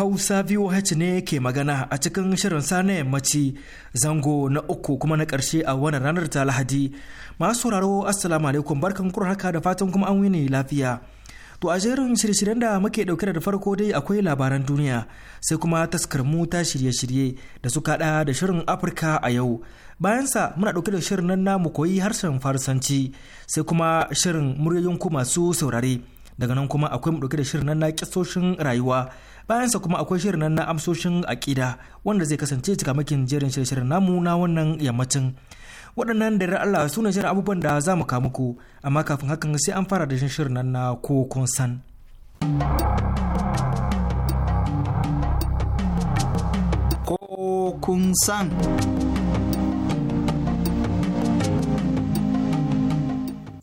Hausa biyu VOH ne ke magana a cikin shirin sa na yammaci zango na uku kuma na ƙarshe a wannan ranar ta Lahadi. Masu sauraro Assalamu alaikum barkan kur haka da fatan kuma an wuni lafiya. To a jerin shirye-shiryen da muke ɗauke da farko dai akwai labaran duniya sai kuma taskar mu ta shirye-shirye da suka haɗa da shirin Afirka a yau. Bayan sa muna ɗauke da shirin nan namu koyi harshen Farsanci sai kuma shirin muryoyin ku masu saurare. Daga nan kuma akwai mu ɗauke da shirin nan na kisoshin rayuwa bayansa kuma akwai shirin nan na amsoshin akida wanda zai kasance cikamakin jerin shirye-shiryen namu na wannan yammacin waɗannan da Allah su ne shirin abubuwan da za mu kamu ku amma kafin hakan sai an fara da shirin nan na ko kun san. Ko kun san.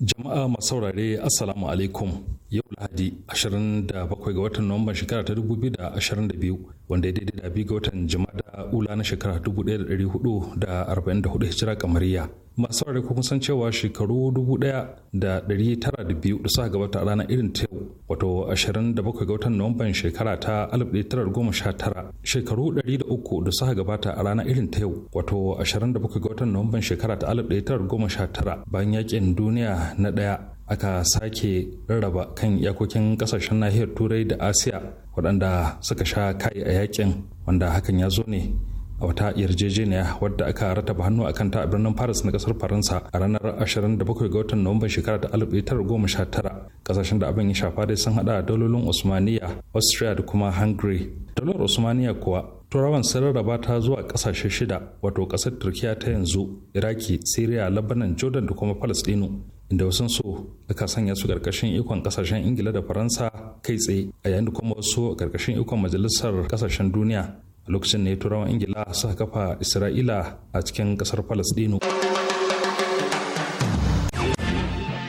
Jama'a masaurare Assalamu alaikum. yau lahadi 27 ga watan nuwamban shekara ta 2022 wanda ya daidai da biyu ga watan jama'a ula na shekara 1444 hijira kamariya masu ware kuma san cewa shekaru 1902 da suka gabata a ranar irin ta yau wato 27 ga watan nuwamban shekara ta 1919 shekaru 103 da suka gabata a ranar irin ta yau wato 27 ga watan nuwamban shekara ta 1919 bayan yakin duniya na daya aka sake rarraba kan iyakokin kasashen nahiyar turai da asiya waɗanda suka sha kai a yakin wanda hakan ya zo ne a wata yarjejeniya wadda aka rataba hannu a kanta a birnin paris na kasar faransa a ranar 27 ga watan nuwamban shekara ta tara kasashen da abin ya shafa dai sun hada dalolin usmaniya austria da kuma hungary dalar usmaniya kuwa turawan sun rarraba ta zuwa kasashe shida wato kasar turkiya ta yanzu iraki syria labanan jordan da kuma palestino inda wasu so aka sanya su karkashin ikon kasashen ingila da faransa kai tsaye a yayin da kuma wasu karkashin ikon majalisar ƙasashen duniya a lokacin ne turawan ingila suka kafa isra'ila a cikin kasar palestino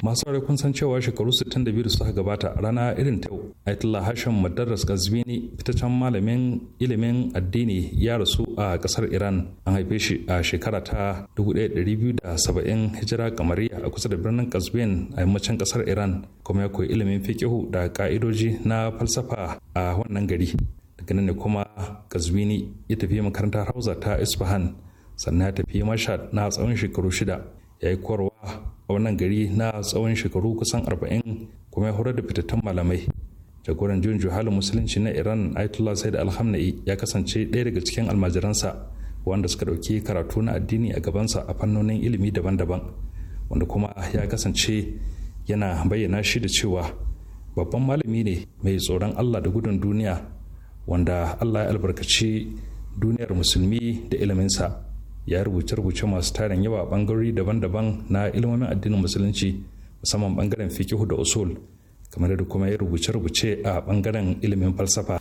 masu saurari kun san cewa shekaru 62 da suka gabata rana irin ta yau Aitullah Hashim madaras Gazbini fitaccen malamin ilimin addini ya rasu a kasar Iran an haife shi a shekara ta 1270 hijira kamariya a kusa da birnin Qazvin a yammacin kasar Iran kuma ya koyi ilimin fiƙihu da ka'idoji na falsafa a wannan gari daga nan ne kuma Gazbini ya tafi makarantar Hausa ta Isfahan sannan ya tafi mashad na tsawon shekaru shida ya yi korwa a wannan gari na tsawon shekaru kusan arba'in kuma ya horar da fitattun malamai jagoran juyin juhalin musulunci na iran ayatollah said alhamna'i ya kasance ɗaya daga cikin almajiransa wanda suka ɗauki karatu na addini a gabansa a fannonin ilimi daban-daban wanda kuma ya kasance yana bayyana shi da cewa babban malami ne mai tsoron allah da gudun duniya wanda allah ya albarkaci duniyar musulmi da iliminsa ya rubuce rubuce masu tarin yawa bangarori daban-daban na ilmomin addinin musulunci musamman bangaren fikihu da usul kamar da kuma ya rubuce rubuce a bangaren ilimin falsafa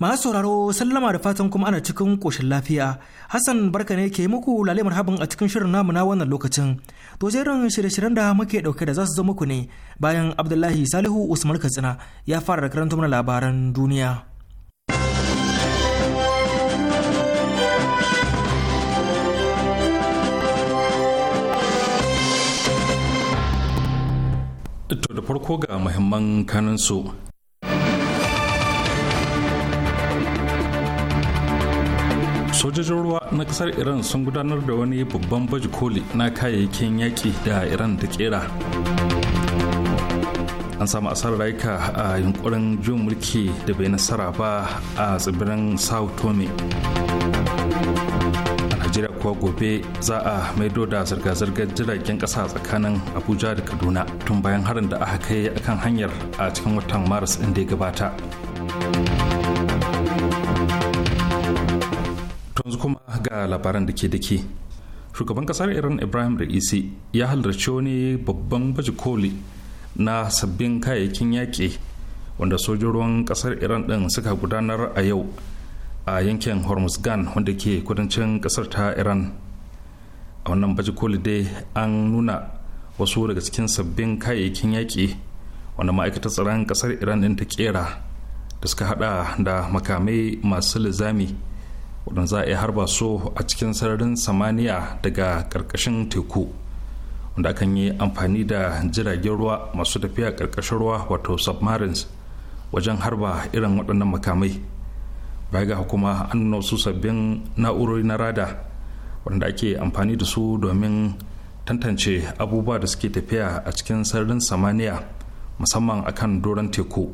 Masu sauraro sallama da fatan kuma ana cikin koshin lafiya. Hassan barka ne ke muku lale marhaban a cikin shirin namu na wannan lokacin. To jerin shirye-shiryen da muke ɗauke da za su zo muku ne bayan Abdullahi Salihu Usman Katsina ya fara karanta mana labaran duniya. To da farko ga muhimman kanansu sojojin ruwa na kasar iran sun gudanar da wani babban baji koli na kayayyakin yaƙi da iran da kera an samu asarar rayuka a yunkurin juyin mulki da bai nasara ba a tsibirin sao tome a najeriya kuwa gobe za a maido da zirga-zirgar jiragen kasa tsakanin abuja da kaduna tun bayan harin da aka kai akan hanyar a cikin watan maris inda ya gabata yanzu kuma ga labaran da ke da ke shugaban kasar iran ibrahim ra'isi ya halarci wani babban baje koli na sabbin kayayyakin yaƙi wanda sojin ruwan kasar iran din suka gudanar a yau a yankin hormuzgan wanda ke kudancin kasar ta iran a wannan baje koli dai an nuna wasu daga cikin sabbin kayayyakin yaƙi wanda ma'aikatar tsaron kasar iran din ta kera da suka hada da makamai masu lizami waɗanda za a iya harba su a cikin sararin samaniya daga karkashin teku wanda akan yi amfani da jiragen ruwa masu tafiya ƙarƙashin ruwa wato submarines wajen harba irin waɗannan makamai baya ga kuma an nuna wasu sabbin na'urori na rada wadanda ake amfani da su domin tantance abubuwa da suke tafiya a cikin sararin samaniya musamman akan doron teku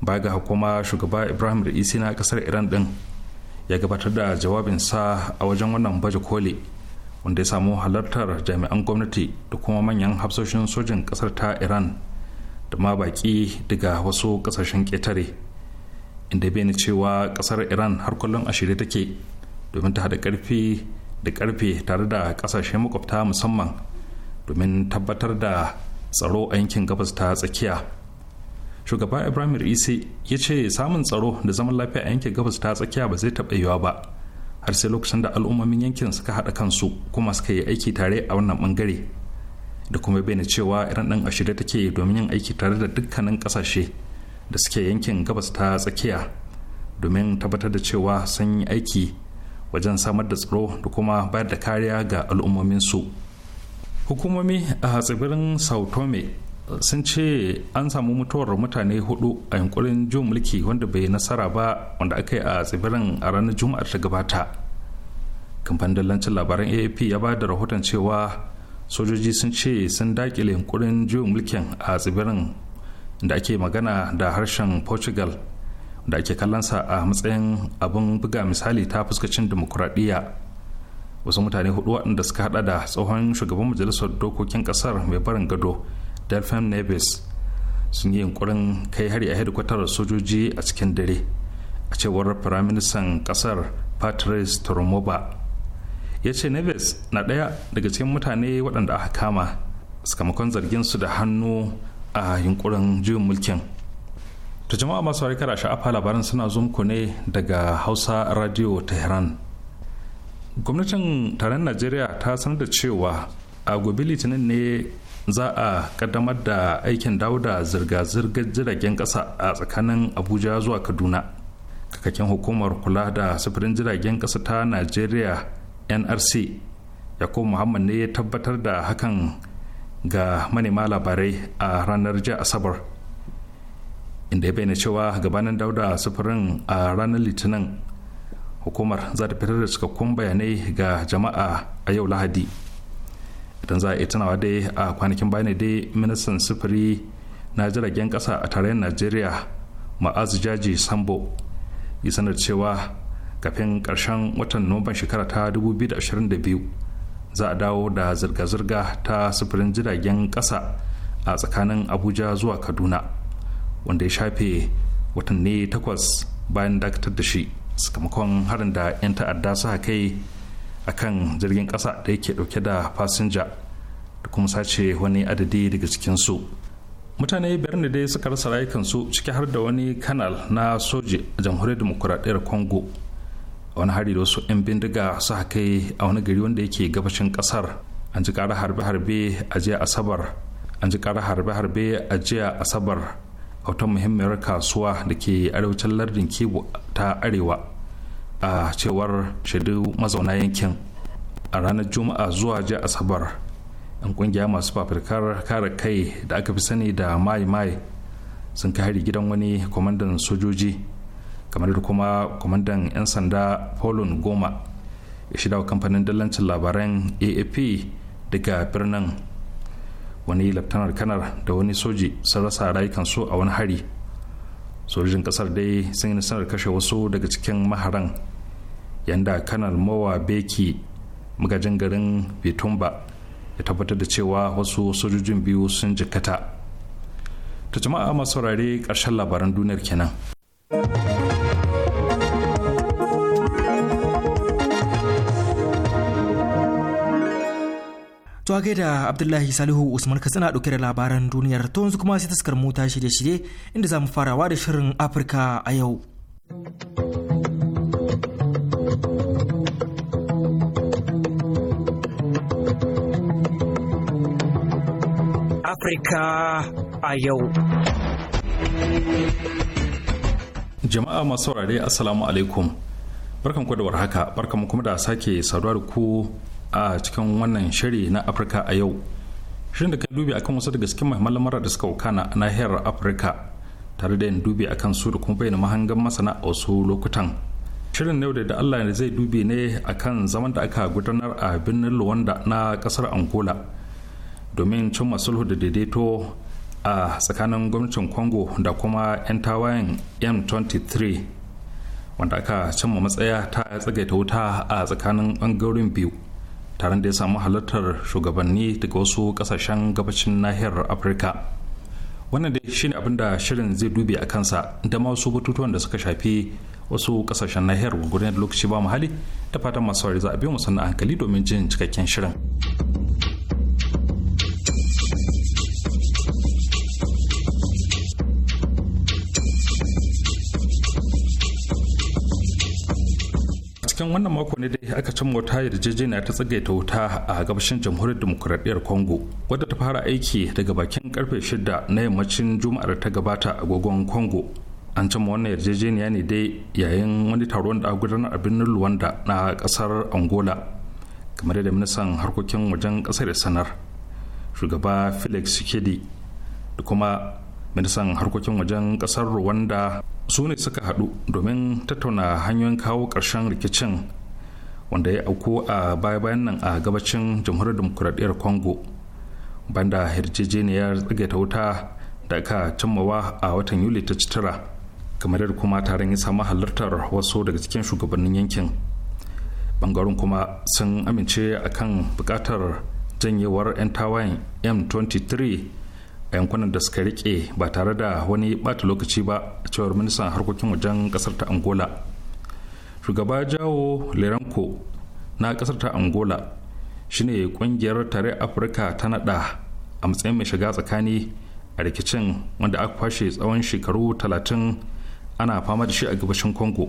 baya ga kuma shugaba ibrahim da isi na kasar iran din ya gabatar da jawabinsa a wajen wannan baje koli wanda ya samu halartar jami'an gwamnati da kuma manyan hafsoshin sojin kasar ta iran da ma baki daga wasu kasashen ketare inda bene cewa kasar iran har kullum a shirye take domin ta haɗa ƙarfi da ƙarfe tare da ƙasashe makwabta musamman domin tabbatar da tsaro a yankin gabas ta tsakiya shugaba ibrahim isi ya ce samun tsaro da zaman lafiya a yankin gabas ta tsakiya ba zai taɓa yiwuwa ba har sai lokacin da al'ummomin yankin suka haɗa kansu kuma suka yi aiki tare a wannan bangare da kuma bayyana cewa iran ɗan ashirya take domin yin aiki tare da dukkanin ƙasashe da suke yankin gabas ta tsakiya domin tabbatar da cewa sun yi aiki wajen samar da tsaro da kuma bayar da kariya ga al'ummomin su. hukumomi a tsibirin sao tome sun ce an samu mutuwar mutane hudu a yankurin jin mulki wanda bai nasara ba wanda aka yi a tsibirin a ranar juma'ar ta gabata kamfanin dallancin labaran aap ya ba da rahoton cewa sojoji sun ce sun dakile yankurin juyin mulkin a tsibirin da ake magana da harshen portugal da ake kallonsa a matsayin abin buga misali ta fuskacin demokuraɗiyya wasu mutane hudu waɗanda suka hada da tsohon shugaban majalisar dokokin ƙasar mai barin gado delphine neves sun yi yunkurin kai hari a hedikwatar sojoji a cikin dare a cewar firaministan kasar patrice toromoba ya ce neves na ɗaya daga cikin mutane waɗanda aka kama sakamakon zargin su da hannu a yunkurin juyin mulkin ta jama'a masu harkar a sha'afa labaran suna zumku ne daga hausa radio tehran gwamnatin taron najeriya ta sanar da cewa a gobe litinin ne za a kaddamar da aikin dawo da zirga-zirgar jiragen ƙasa a tsakanin abuja zuwa kaduna kakakin hukumar kula da sufurin jiragen ƙasa ta nigeria nrc yakubu muhammad ne ya tabbatar da hakan ga manema labarai a ranar ji asabar inda ya bayyana cewa gabanin dauda sufurin a ranar litinin hukumar za ta fitar da cikakkun bayanai ga jama'a a yau lahadi idan za a iya tunawa dai a kwanakin bayan dai ministan sufuri na jiragen kasa a tarayyar najeriya ma'azu jaji sambo yi sanar cewa kafin karshen watan nuwamban shekara ta 2022 za a dawo da zirga-zirga ta sufurin jiragen kasa a tsakanin abuja zuwa kaduna wanda ya shafe watanni takwas bayan dakatar da shi sakamakon harin da 'yan ta'adda suka kai akan jirgin kasa da yake dauke da fasinja da kuma sace wani adadi daga cikin su mutane biyar ne dai suka rasa rayukansu ciki har da wani kanal na soji a jamhuriyar demokuraɗiyar congo wani hari da wasu 'yan bindiga su kai a wani gari wanda yake gabashin kasar an ji ƙara harbe-harbe a jiya asabar an ji ƙara harbe-harbe a jiya asabar a wata muhimmiyar kasuwa da ke arewacin lardin kebu ta arewa a cewar shaidu mazauna yankin a ranar juma'a zuwa jiya asabar yan kungiya masu fafirkar kare kai da aka fi sani da mai mai sun kai hari gidan wani kwamandan sojoji kamar da kuma kwamandan 'yan sanda polon goma ya shida wa kamfanin dalancin labaran aap daga birnin wani laftanar kanar da wani soji sun rasa rayukansu a wani hari sojojin kasar dai sun yi nasarar kashe wasu daga cikin maharan yanda kanal mowa beki magajin garin bitumba ya tabbatar da cewa wasu sojojin biyu sun jikata ta jama'a masu saurare ƙarshen labaran duniyar kenan To gai da Abdullahi Salihu Usman Katsina ɗauke da labaran duniyar to yanzu kuma sai taskar mota shirye-shirye inda za mu farawa da shirin Afirka a yau. Afirka a yau. Jama'a masu saurare Assalamu alaikum. Barkan ku da warhaka, barkan kuma da sake saduwa da ku a cikin wannan shiri na Afirka a yau. Shirin da kai dubi akan wasu daga cikin muhimman lamarar da suka wuka na nahiyar Afirka tare da yin dubi akan su da kuma bayyana mahangan masana a wasu lokutan. Shirin yau da Allah ne zai dubi ne akan zaman da aka gudanar a birnin Luwanda na kasar Angola. domin cin sulhu da daidaito a tsakanin gwamnatin congo da kuma 'yan tawayen m23 wanda aka cimma matsaya ta tsagaita wuta a tsakanin bangarorin biyu tare da ya samu halartar shugabanni daga wasu kasashen gabacin nahiyar afirka wannan dai shine abin da shirin zai dubi a kansa da ma wasu batutuwan da suka shafi wasu kasashen nahiyar gudunar lokaci ba muhali da fatan masu za a biyo musamman hankali domin jin cikakken shirin. can wannan mako ne dai aka cimma wata yarjejeniya ta tsagaita wuta a gabashin jamhuriyar demokuraɗiyyar congo wadda ta fara aiki daga bakin karfe 6 na yammacin juma'ar ta gabata agogon congo an cimma wannan yarjejeniya ne dai yayin wani taron da gudanar a birnin luwanda na kasar angola kamar da ministan harkokin wajen kasar sanar shugaba felix kedi da kuma ministan harkokin wajen kasar rwanda su ne suka hadu domin tattauna hanyoyin kawo karshen rikicin wanda ya auku a baya-bayan nan a gabacin jamhuriyar demokuraɗiyyar congo banda yarjejeniyar tsagaita wuta da aka cimmawa a watan yuli ta ci tara kamar yadda kuma taron ya samu halartar wasu daga cikin shugabannin yankin bangaren kuma sun amince akan bukatar janyewar 'yan tawayen m23 a yankunan da suka rike ba tare da wani bata lokaci ba a cewar ministan harkokin wajen kasar ta angola shugaba jawo leranko na kasar ta angola shine kungiyar tare afirka ta nada a matsayin mai shiga tsakani a rikicin wanda aka kwashe tsawon shekaru talatin ana fama da shi a gabashin congo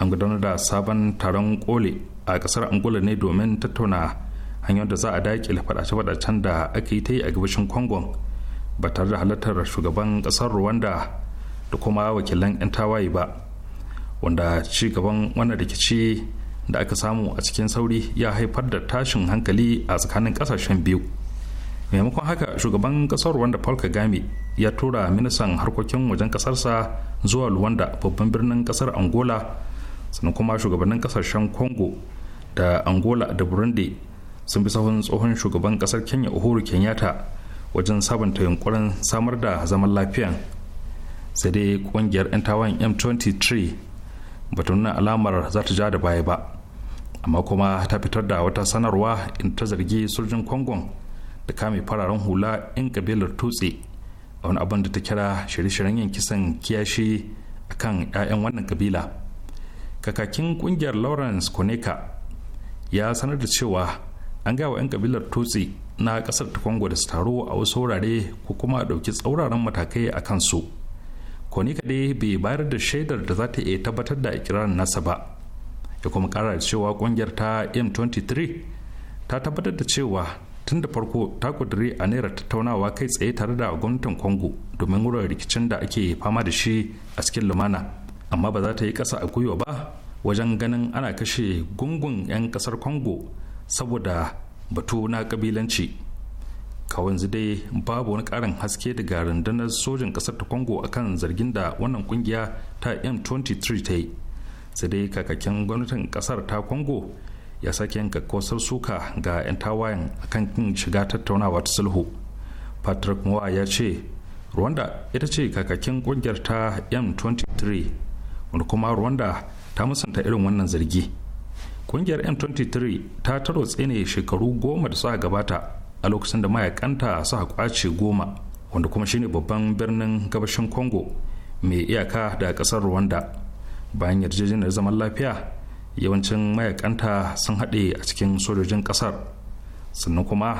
an gudanar da sabon taron kole a kasar angola ne domin tattauna hanyar da za a daƙile fadace-fadacen da aka yi ta yi a gabashin congo ba tare da halartar shugaban ƙasar rwanda da kuma wakilan 'yan tawaye ba wanda ci gaban wannan rikici da aka samu a cikin sauri ya haifar da tashin hankali a tsakanin kasashen biyu maimakon haka shugaban kasar wanda paul kagame ya tura ministan harkokin wajen kasarsa zuwa luwanda babban birnin kasar angola sannan kuma shugabannin kasashen congo da angola da burundi sun bi sahun tsohon shugaban kasar kenya uhuru kenyatta wajen sabunta yunkurin samar da zaman lafiya sai dai kungiyar 'yan tawan m23 ba ta nuna alamar za ta ja da baya ba amma kuma ta fitar da wata sanarwa in ta zargi sojin kwangon da kame fararen hula 'yan kabilar tutse a wani abin da ta kira shirye-shiryen yin kisan kiyashi a kan 'ya'yan wannan kabila kakakin kungiyar lawrence koneka ya sanar da cewa an gawa 'yan kabilar tutse na kasar ta congo da su taro a wasu wurare ko kuma ɗauki tsauraran matakai a kansu konika kaɗai bai bayar da shaidar da za ta iya tabbatar da ikirarin nasa ba ya kuma ƙara da cewa ƙungiyar ta m23 ta tabbatar da cewa tun da farko ta ƙudiri a naira tattaunawa kai tsaye tare da gwamnatin congo domin wurin rikicin da ake fama da shi a cikin lumana amma ba za ta yi ƙasa a gwiwa ba wajen ganin ana kashe gungun 'yan ƙasar congo saboda batu na kabilanci kawai yanzu dai babu wani karin haske daga rundunar sojin kasar ta congo akan zargin da wannan kungiya ta m23 ta yi sai dai kakakin gwamnatin kasar ta congo ya sake yin kakkosar suka ga 'yan tawayen akan kin shiga tattaunawa ta sulhu patrick mowa ya ce rwanda ita ce kakakin kungiyar ta m23 wani kuma rwanda ta musanta irin wannan zargi kungiyar m23 ta taro tsene shekaru goma da suka gabata a lokacin da mayakanta suka kwace goma wanda kuma shine babban birnin gabashin congo mai iyaka da kasar rwanda bayan yarjejeniyar zaman lafiya yawancin mayakanta sun haɗe a cikin sojojin kasar sannan kuma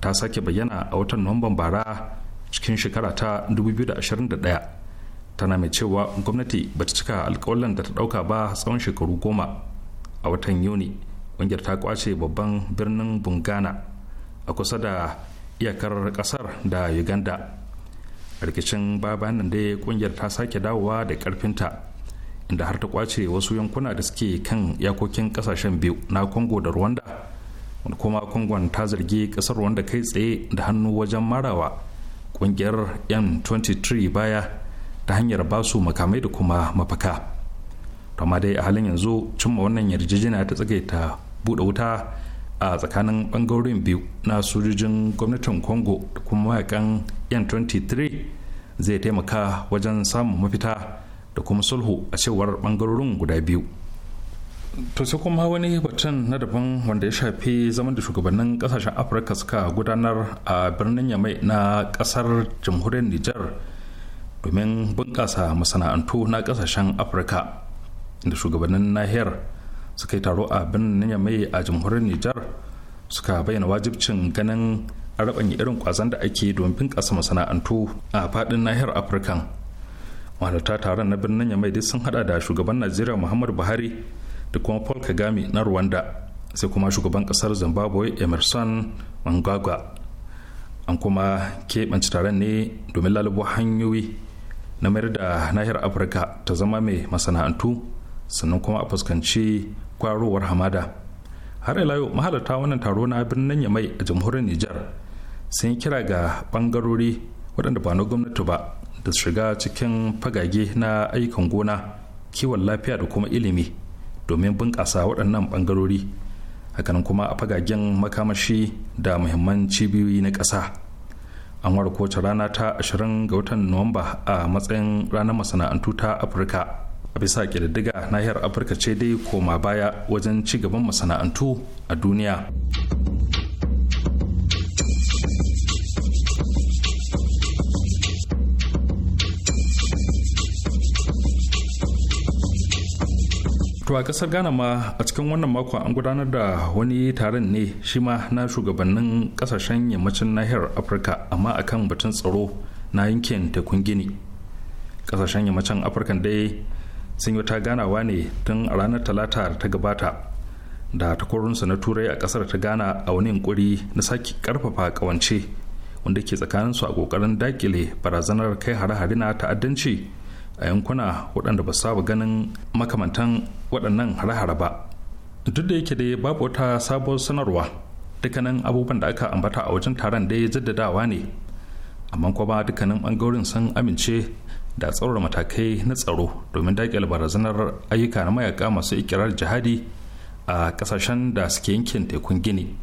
ta sake bayyana a watan nuwamban bara cikin shekara ta 2021 tana mai cewa gwamnati bata cika alkawalan da ta ɗauka ba tsawon shekaru goma a watan yuni ƙungiyar ta kwace babban birnin bungana a kusa da iyakar ƙasar da uganda a rikicin babanan nan dai ƙungiyar ta sake dawowa da ƙarfinta inda har ta kwace wasu yankuna da suke kan iyakokin ƙasashen biyu na congo da rwanda wanda kuma kongon ta zargi ƙasar rwanda kai tsaye da hannu wajen marawa ƙungiyar m23 baya ta hanyar basu makamai da kuma mafaka. amma dai a halin yanzu cimma wannan yarjejeniya ta ta buɗe wuta a tsakanin bangarorin biyu na sojojin gwamnatin congo da kuma mayakan yan 23 zai taimaka wajen samun mafita da kuma sulhu a cewar bangarorin guda biyu to sai kuma wani batun na daban wanda ya shafi zaman da shugabannin kasashen afirka suka gudanar a birnin yamai na kasar jamhuriyar nijar domin bunƙasa masana'antu na kasashen afirka inda shugabannin nahiyar suka yi taro a birnin yamai a jamhuriyar nijar suka bayyana wajibcin ganin rabanya irin kwazon da ake domin binkasa masana'antu a fadin nahiyar afirka mahalarta taron na birnin yamai dai sun hada da shugaban najeriya muhammadu buhari da kuma paul kagame na rwanda sai kuma shugaban kasar zimbabwe emerson mangagwa an kuma keɓance taron ne domin lalubo hanyoyi na mayar da nahiyar afirka ta zama mai masana'antu sannan kuma a fuskanci kwarowar hamada har ila yau mahalarta wannan taro na birnin yamai a jamhuriyar nijar sun yi kira ga bangarori waɗanda ba na gwamnati ba da shiga cikin fagage na ayyukan gona kiwon lafiya da kuma ilimi domin bunƙasa waɗannan bangarori hakanan kuma a fagagen makamashi da muhimman cibiyoyi na ƙasa an ware kowace rana ta 20 ga watan nuwamba a matsayin ranar masana'antu ta afirka a bisa ƙididdiga nahiyar afirka ce dai koma baya wajen ci gaban masana'antu a duniya To a kasar Ghana ma a cikin wannan mako an gudanar da wani taron ne shi ma na shugabannin kasashen yammacin nahiyar Afirka amma a kan batun tsaro na yankin tekun Gini. Kasashen yammacin Afirka dai sun yi wata ganawa ne tun a ranar talata da ta gabata da takwarunsa na turai a kasar ta gana a wani yunkuri na sake karfafa kawance wanda ke tsakaninsu a kokarin dakile barazanar kai hare-hare na ta'addanci a yankuna waɗanda ba saba ganin makamantan waɗannan hare-hare ba duk da yake dai babu wata sabuwar sanarwa dukkanin abubuwan da aka ambata a wajen taron dai jaddadawa ne amma kuma dukkanin ɓangaren sun amince da tsaurara matakai na tsaro domin daƙile barazanar ayyuka na mayaka masu ikirar jihadi a kasashen da suke yankin tekun gini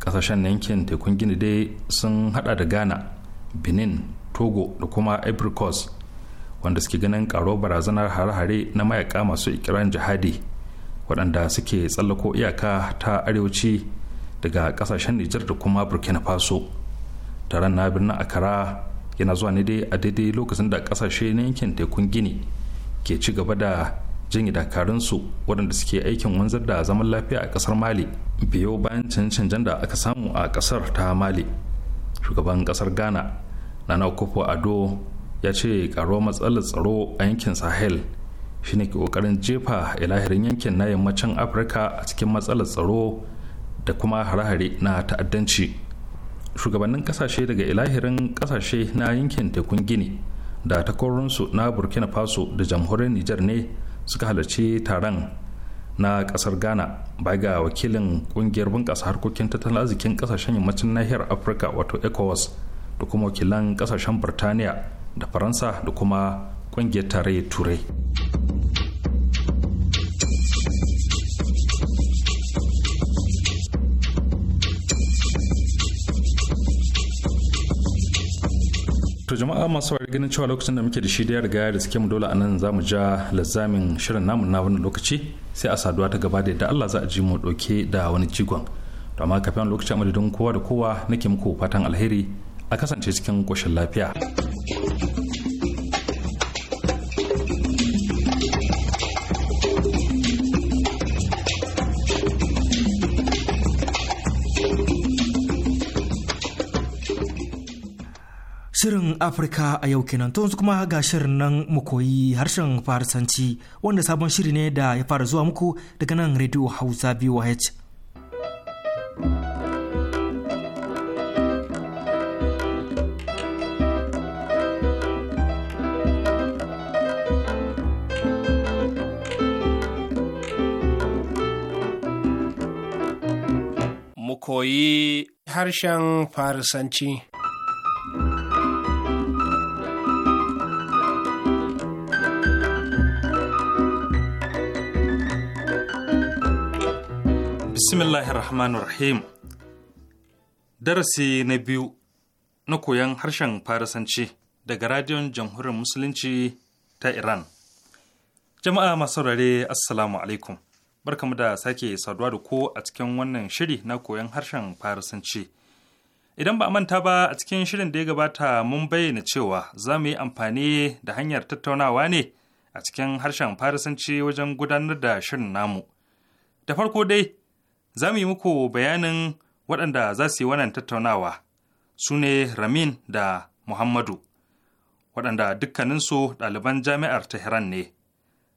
kasashen yankin tekun gini dai sun hada da ghana benin togo da kuma ivory coast wanda suke ganin karo barazanar hare-hare na mayaka masu ikirar jihadi waɗanda suke tsallako iyaka ta arewaci daga kasashen nijar da kuma burkina faso taron na birnin akara yana zuwa ne dai a daidai lokacin da kasashe na yankin tekun gini ke ci gaba da janye dakarunsu waɗanda suke aikin wanzar da zaman lafiya a ƙasar mali biyo bayan cancanjan da aka samu a ƙasar ta mali shugaban ƙasar ghana nana kofo ado ya ce karo matsalar tsaro a yankin sahel shine ke kokarin jefa ilahirin yankin na yammacin afirka a cikin matsalar tsaro da kuma hare-hare na ta'addanci shugabannin kasashe daga ilahirin kasashe na yankin tekun gini da takwarorinsu na burkina faso da jamhuriyar nijar ne suka halarci taron na kasar ghana bai ga wakilin kungiyar bunƙasa harkokin tattalin arzikin kasashen yammacin nahiyar afirka wato ecowas da kuma wakilan kasashen burtaniya da faransa da kuma kungiyar tarayyar turai to jama'a masu wari ganin cewa lokacin da muke da shi da ya riga da suke mu dole nan za mu ja lazzamin shirin namun na wani lokaci sai a saduwa ta gaba da yadda Allah za a ji mu ɗauke da wani jigon to amma kafin lokacin amadadin kowa da kowa nake muku fatan alheri a kasance cikin koshin lafiya. Afirka a yau kenan to yanzu kuma ga shirin nan mu koyi harshen Farsanci wanda sabon shiri ne da ya fara zuwa muku daga nan Radio Hausa BOH. Mu koyi harshen farisanci. Bismillahirrahmanirrahim. Darasi na biyu na koyon harshen Farisanci daga Radiyon Jamhuriyar Musulunci ta Iran. Jama'a masu rare Assalamu alaikum. Barkamu da sake saduwa da ko a cikin wannan shiri na koyon harshen Farisanci. Idan ba a manta ba a cikin shirin da ya gabata mun bayyana cewa za mu yi amfani da hanyar tattaunawa ne a cikin harshen Farisanci wajen gudanar da shirin namu. Da farko dai za mu yi muku bayanin waɗanda za su yi wannan tattaunawa su ne Ramin da Muhammadu, waɗanda dukkaninsu ɗaliban jami'ar Tehran ne.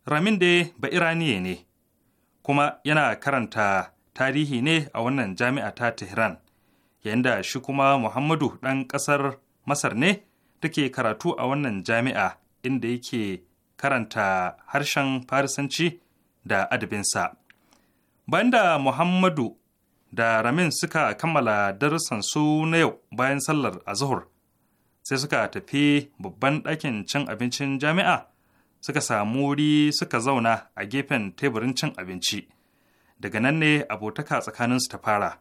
Ramin dai ba Iraniye ne, kuma yana karanta tarihi ne a wannan jami'a ta Tehran, yayin da shi kuma Muhammadu ɗan ƙasar Masar ne take karatu a wannan jami'a inda yake karanta harshen Farisanci da adabinsa. Banda Muhammadu da Ramin suka kammala darussan su na yau bayan sallar zuhur, sai suka tafi babban ɗakin cin abincin jami'a suka samu wuri suka zauna a gefen teburin cin abinci daga nan ne abotaka tsakaninsu ta fara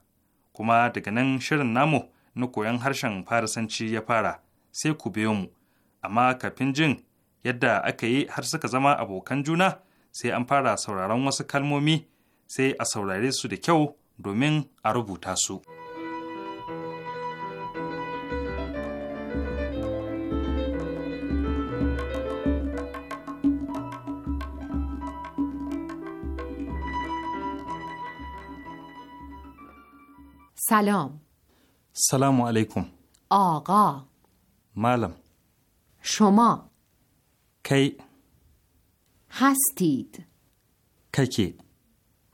kuma daga nan shirin namu na koyon harshen farisanci ya fara sai ku biyo mu amma kafin jin yadda aka yi har suka zama abokan juna sai an fara sauraron wasu kalmomi sai a saurare su da kyau domin a rubuta su. سلام سلام علیکم آقا معلم شما کی هستید ککی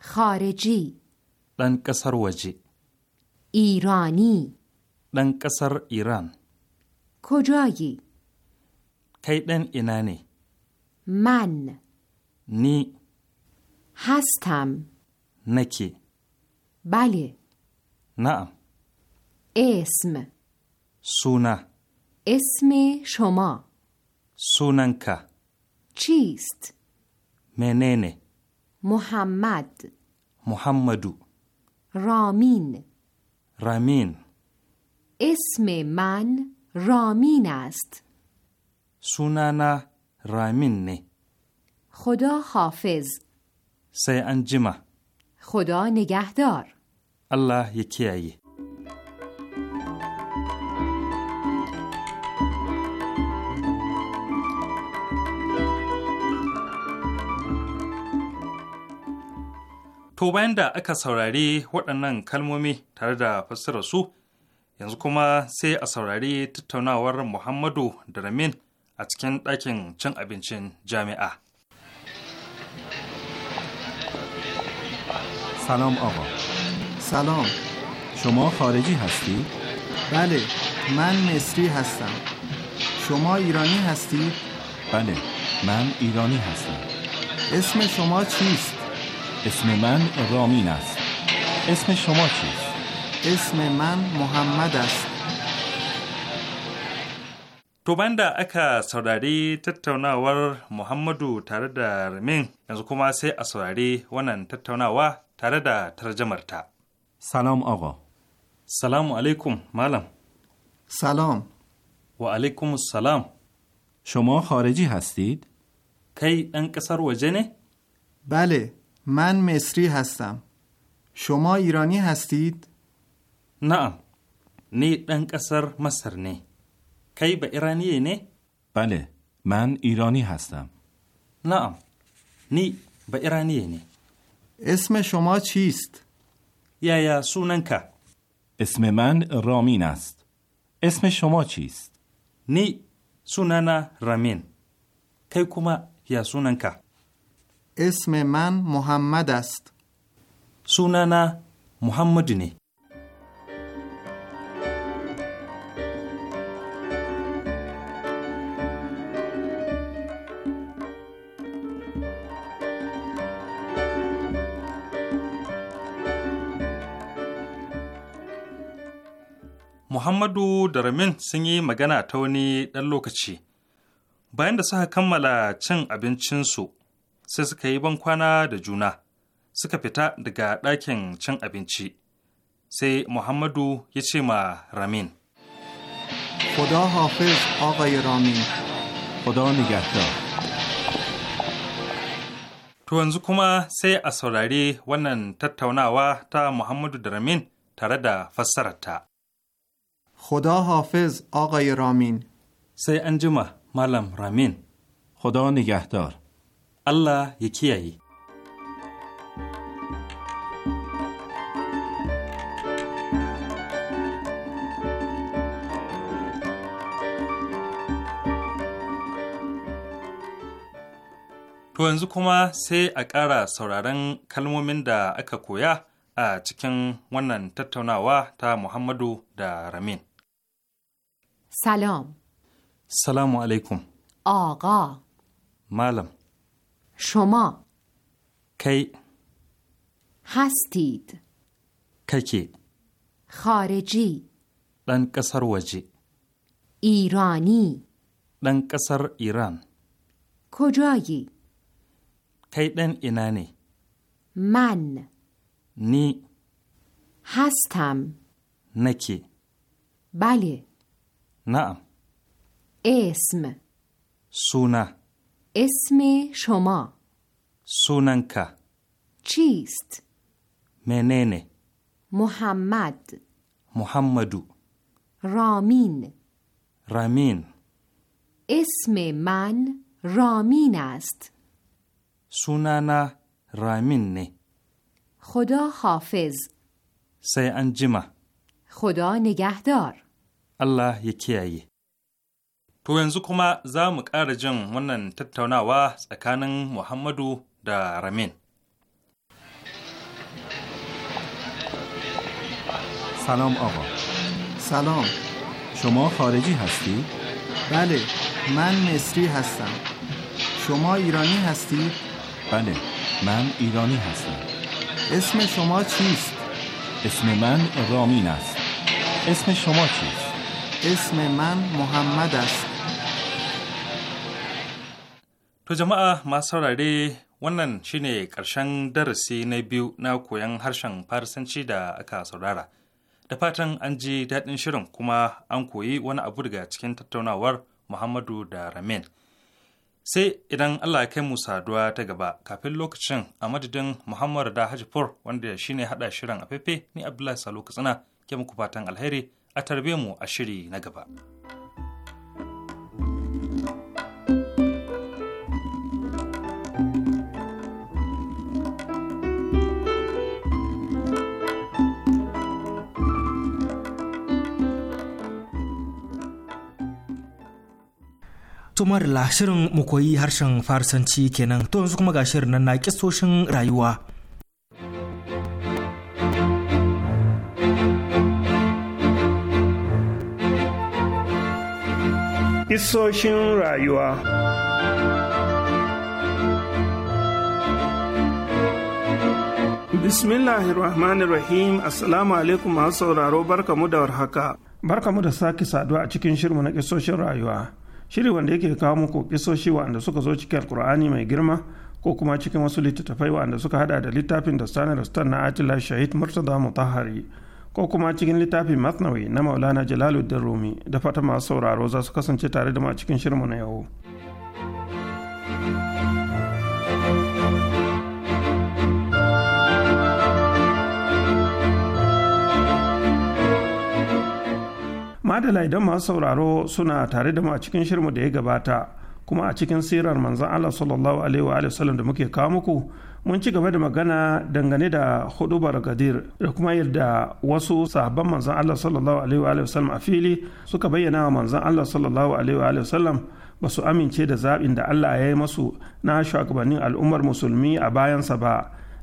خارجی دن کسر وجی ایرانی دن کسر ایران کجایی؟ کی اینانی من نی هستم نکی بله نعم اسم سونا اسم شما سوننکا چیست؟ مننه محمد محمدو رامین رامین اسم من رامین است سونانا رامین نه خدا حافظ سی انجمه خدا نگهدار الله یکی To bayan da aka saurari waɗannan kalmomi tare da fassarar su, yanzu kuma sai a saurari tattaunawar Muhammadu da Ramin a cikin ɗakin cin abincin jami'a. سلام آقا سلام شما خارجی هستی؟ بله من مصری هستم شما ایرانی هستی؟ بله من ایرانی هستم اسم شما چیست؟ اسم من رامین است اسم شما چیست؟ اسم من محمد است To da aka saurari tattaunawar Muhammadu tare da Ramin yanzu kuma sai a saurari wannan tattaunawa tare da tarjamarta. Salam aga. Salamu alaikum malam. Salam. Wa alaikum salam. شما خارجی هستید؟ کی ان قصر وجه نه؟ بله من مصری هستم شما ایرانی هستید؟ نه نی دن قصر مصر نه کی به ایرانیه نه؟ بله من ایرانی هستم نه نی به ایرانیه نه اسم شما چیست؟ یا یا سوننکا اسم من رامین است اسم شما چیست؟ نی سونانا رامین کی کما یا سوننکا اسم من محمد است. سونانا محمد نه. Muhammadu da Ramin sun yi magana ta wani ɗan lokaci. Bayan da suka kammala cin abincinsu, sai suka yi bankwana da juna suka fita daga ɗakin cin abinci sai muhammadu ya ce ma ramin خدا yi ramin. رامین خدا نگهدار To yanzu kuma sai a saurari wannan tattaunawa ta Muhammadu da Ramin tare da fassararta. خدا حافظ yi ramin. sai an jima Malam Ramin. خدا نگهدار Allah ya kiyaye. To yanzu kuma sai a ƙara sauraron kalmomin da aka koya a cikin wannan tattaunawa ta Muhammadu da Ramin. Salam. Salamu alaikum. Aga. Malam. شما کی هستید ککی خارجی دن کسر وجی ایرانی لن کسر ایران کجایی کی دن اینانی من نی هستم نکی بله نعم اسم سونه اسم شما سوننکا چیست؟ مننه محمد محمدو رامین رامین اسم من رامین است سونانا رامین نه خدا حافظ سی خدا نگهدار الله یکی To yanzu kuma za mu ƙara jin wannan tattaunawa tsakanin Muhammadu da Ramin. سلام آقا سلام شما خارجی هستی؟ بله من مصری هستم شما ایرانی هستی؟ بله من ایرانی هستم اسم شما چیست؟ اسم من رامین است اسم شما چیست؟ اسم من محمد است To jama'a masu saurare wannan shine ƙarshen darasi na biyu na koyon harshen Farisanci da aka saurara. Da fatan an ji daɗin shirin kuma an koyi wani abu daga cikin tattaunawar Muhammadu da Ramin. Sai idan Allah ya kai mu saduwa ta gaba kafin lokacin a madadin Muhammadu da Hajifur wanda shine haɗa shirin a ni Abdullahi Salo Katsina ke muku fatan alheri a tarbe mu a shiri na gaba. To la shirin mu koyi harshen farsanci kenan to yanzu kuma ga shirin nan na kisoshin rayuwa. Kisoshin rayuwa Bismillahirrahmanirrahim Assalamu alaikum masu sauraro barkamu da warhaka. Barkamu da sake saduwa a cikin shirmu na kisoshin rayuwa. shiri wanda yake kawo muku kisoshi wa'anda suka zo cikin alkur'ani mai girma ko kuma cikin wasu littattafai waɗanda suka hada da littafin da stan rastan na atila shahid murtaza mutahari ko kuma cikin littafin masnawi na maulana da rumi da fata masu sauraro za su kasance tare da mu a cikin shirinmu na yau. madala idan masu sauraro suna tare da mu a cikin shirmu da ya gabata kuma a cikin sirar manzan Allah sallallahu alaihi wa sallam da muke kawo muku mun ci gaba da magana dangane da hudubar gadir da kuma yadda wasu sahabban manzan Allah sallallahu alaihi wa sallam a fili suka bayyana wa manzan Allah sallallahu alaihi wa sallam ba su amince da zaɓin da Allah ya yi masu na shugabannin al'ummar musulmi a bayansa ba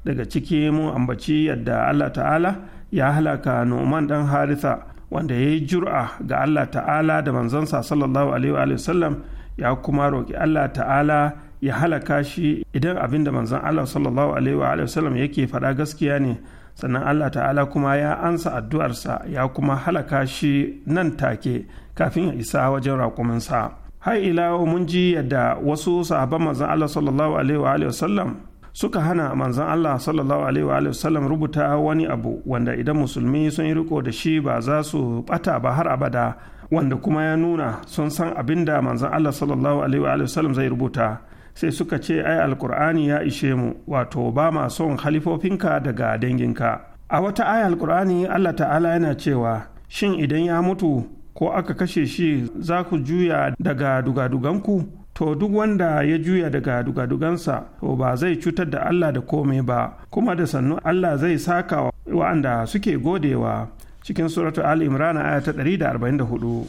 daga ciki mun ambaci yadda Allah ta'ala ya halaka Nu'man dan Haritha wanda ya yi jur'a ga Allah ta'ala da manzansa sallallahu alaihi wa sallam ya kuma roƙi Allah ta'ala ya halaka shi idan abin da manzan Allah sallallahu alaihi wa sallam yake faɗa gaskiya ne sannan Allah ta'ala kuma ya ansa addu'arsa ya kuma halaka shi nan take kafin ya isa wajen raƙuminsa har ila mun ji yadda wasu sahaban manzan Allah sallallahu alaihi wa sallam suka hana manzon Allah sallallahu alaihi wa sallam rubuta wani abu wanda idan musulmi sun yi riko da shi ba za su bata ba har abada wanda kuma ya nuna sun san abin da manzon Allah sallallahu alaihi wa sallam zai rubuta sai suka ce ai alkur'ani ya ishe mu wato ba ma son halifofinka daga danginka a wata aya alkur'ani Allah ta'ala yana cewa shin idan ya mutu ko aka kashe shi za ku juya daga ku to duk wanda ya juya daga dugadugansa to ba zai cutar da Allah da komai ba kuma da sannu Allah zai saka wa'anda suke godewa cikin suratu al-imran aya ta 144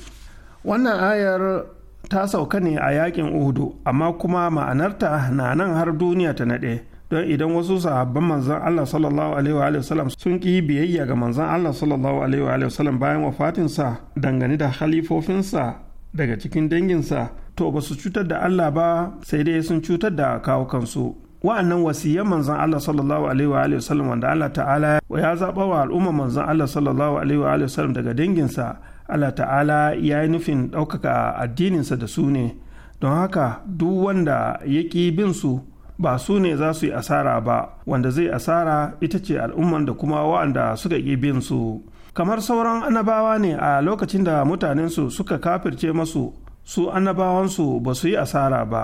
wannan ayar ta sauka ne a yakin uhudu amma kuma ma'anarta na nan har duniya ta naɗe don idan wasu sahabban manzan Allah sallallahu alaihi wa sallam sun ki biyayya ga manzan Allah sallallahu alaihi wa sallam bayan wafatinsa dangane da halifofinsa daga cikin danginsa to ba su cutar da Allah ba sai dai sun cutar da kawo kansu wa'annan wasiyan manzon Allah sallallahu alaihi wa alihi wasallam wanda Allah ta'ala ya zaba wa al'umma manzon Allah sallallahu alaihi wa alihi wasallam daga danginsa Allah ta'ala ya yi nufin ɗaukaka addininsa da su ne don haka duk wanda ya ƙi bin su ba su ne za su yi asara ba wanda zai asara ita ce al'umman da kuma wa'anda suka ƙi bin su kamar sauran anabawa ne a lokacin da mutanensu suka kafirce masu su annabawansu ba su yi asara ba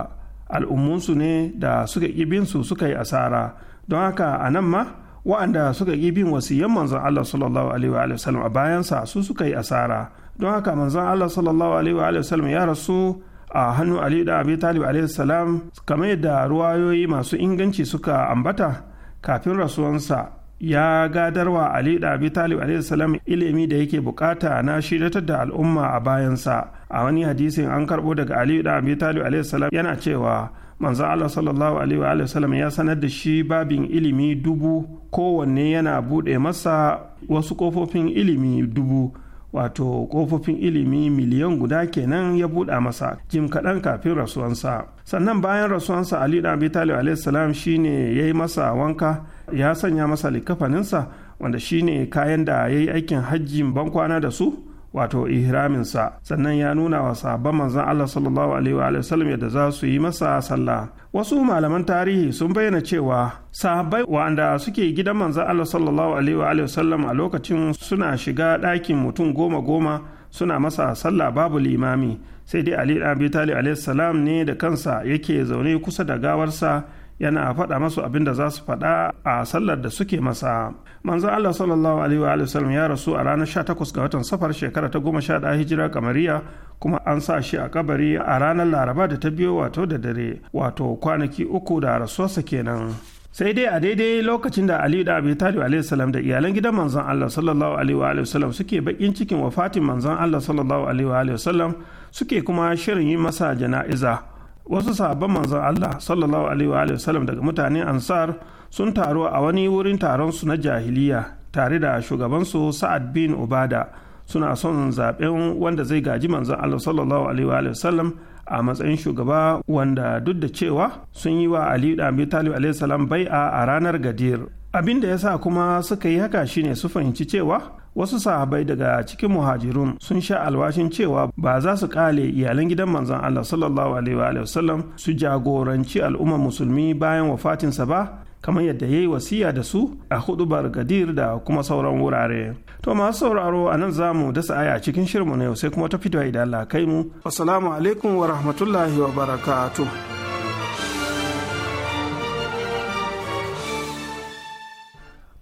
al'ummunsu ne da suka ƙibinsu suka yi asara don haka a nan ma wa'anda suka ƙi bin wasiyan manzon Allah sallallahu alaihi wa a bayansa su suka yi asara don haka manzon Allah sallallahu alaihi wa ya rasu a hannu Ali da Abi Talib alaihi salam kamar yadda ruwayoyi masu inganci suka ambata kafin rasuwansa ya gadarwa ali da abi talib salam ilimi da yake bukata na shiratar da al'umma a bayansa a wani hadisin an karbo daga ali da abi talib salam yana cewa manzo allah sallallahu alaihi wa sallam ya sanar da shi babin ilimi dubu kowanne yana bude masa wasu kofofin ilimi dubu wato kofofin ilimi miliyan guda kenan ya buɗa masa jim kaɗan kafin rasuwansa sannan bayan rasuwansa ali da abi talib alaihissalam shine ya yi masa wanka ya sanya masa likafaninsa wanda shine kayan da ya yi aikin hajjin bankwana da su wato ihraminsa sannan ya nuna wa sabon manzon Allah sallallahu alaihi wa sallam yadda za su yi masa sallah wasu malaman tarihi sun bayyana cewa sahabbai wanda suke gidan manzon Allah sallallahu alaihi wa sallam a lokacin suna shiga ɗakin mutum goma goma suna masa sallah babu limami sai dai Ali Abi Talib alaihi salam ne da kansa yake zaune kusa da gawarsa yana faɗa masu abin da za su faɗa a sallar da suke masa manzo Allah sallallahu alaihi wa sallam ya rasu a ranar 18 ga watan safar shekara ta 11 hijira kamariya kuma an sa shi a kabari a ranar laraba da ta biyo wato da dare wato kwanaki uku da rasuwarsa kenan sai dai a daidai lokacin da aliyu da abi talib alaihi salam da iyalan gidan manzon Allah sallallahu alaihi wa sallam suke bakin cikin wafatin manzon Allah sallallahu alaihi wa sallam suke kuma shirin yi masa jana'iza wasu sahabban manzon Allah sallallahu alaihi wasallam daga mutanen ansar sun taru a wani wurin taron su na jahiliya tare da shugabansu sa'ad bin ubada suna son zaben wanda zai gaji manzon Allah sallallahu alaihi wasallam a matsayin shugaba wanda duk da cewa sun yi wa Ali da Abi Talib alaihi salam bai'a a ranar Gadir abin da yasa kuma suka yi haka shine su fahimci cewa wasu sahabai daga cikin muhajirun sun sha alwashin cewa ba za su kale iyalan gidan manzon Allah sallallahu alaihi wa sallam su jagoranci al'ummar musulmi bayan wafatinsa ba kamar yadda ya yi wasiya da su a hudubar gadir da kuma sauran wurare. To masu sauraro a nan za mu dasa aya cikin shirmu na yau sai kuma ta fito idan Allah kai mu. Assalamu alaikum wa rahmatullahi wa barakatuh.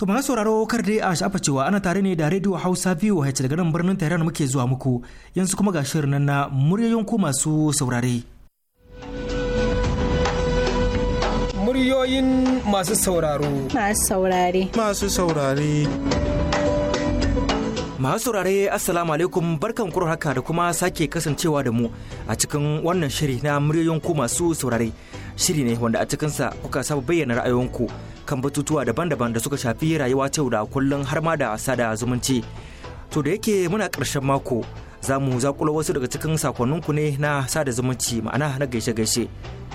To masu sauraro kar dai a shafa cewa ana tare ne da Radio Hausa VOH daga nan birnin Tehran muke zuwa muku yanzu kuma ga shirin nan na muryoyin ku masu saurare. Muryoyin masu sauraro. Masu saurare. Masu saurare. Masu saurare Assalamu alaikum barkan kuro haka da kuma sake kasancewa da mu a cikin wannan shiri na muryoyin ku masu saurare. Shiri ne wanda a cikinsa kuka saba bayyana ra'ayoyinku kan batutuwa daban-daban da suka shafi rayuwa ta da kullum har ma da sada zumunci. To da yake muna karshen mako za mu zakulo wasu daga cikin sakonninku ne na sada zumunci ma'ana na gaishe-gaishe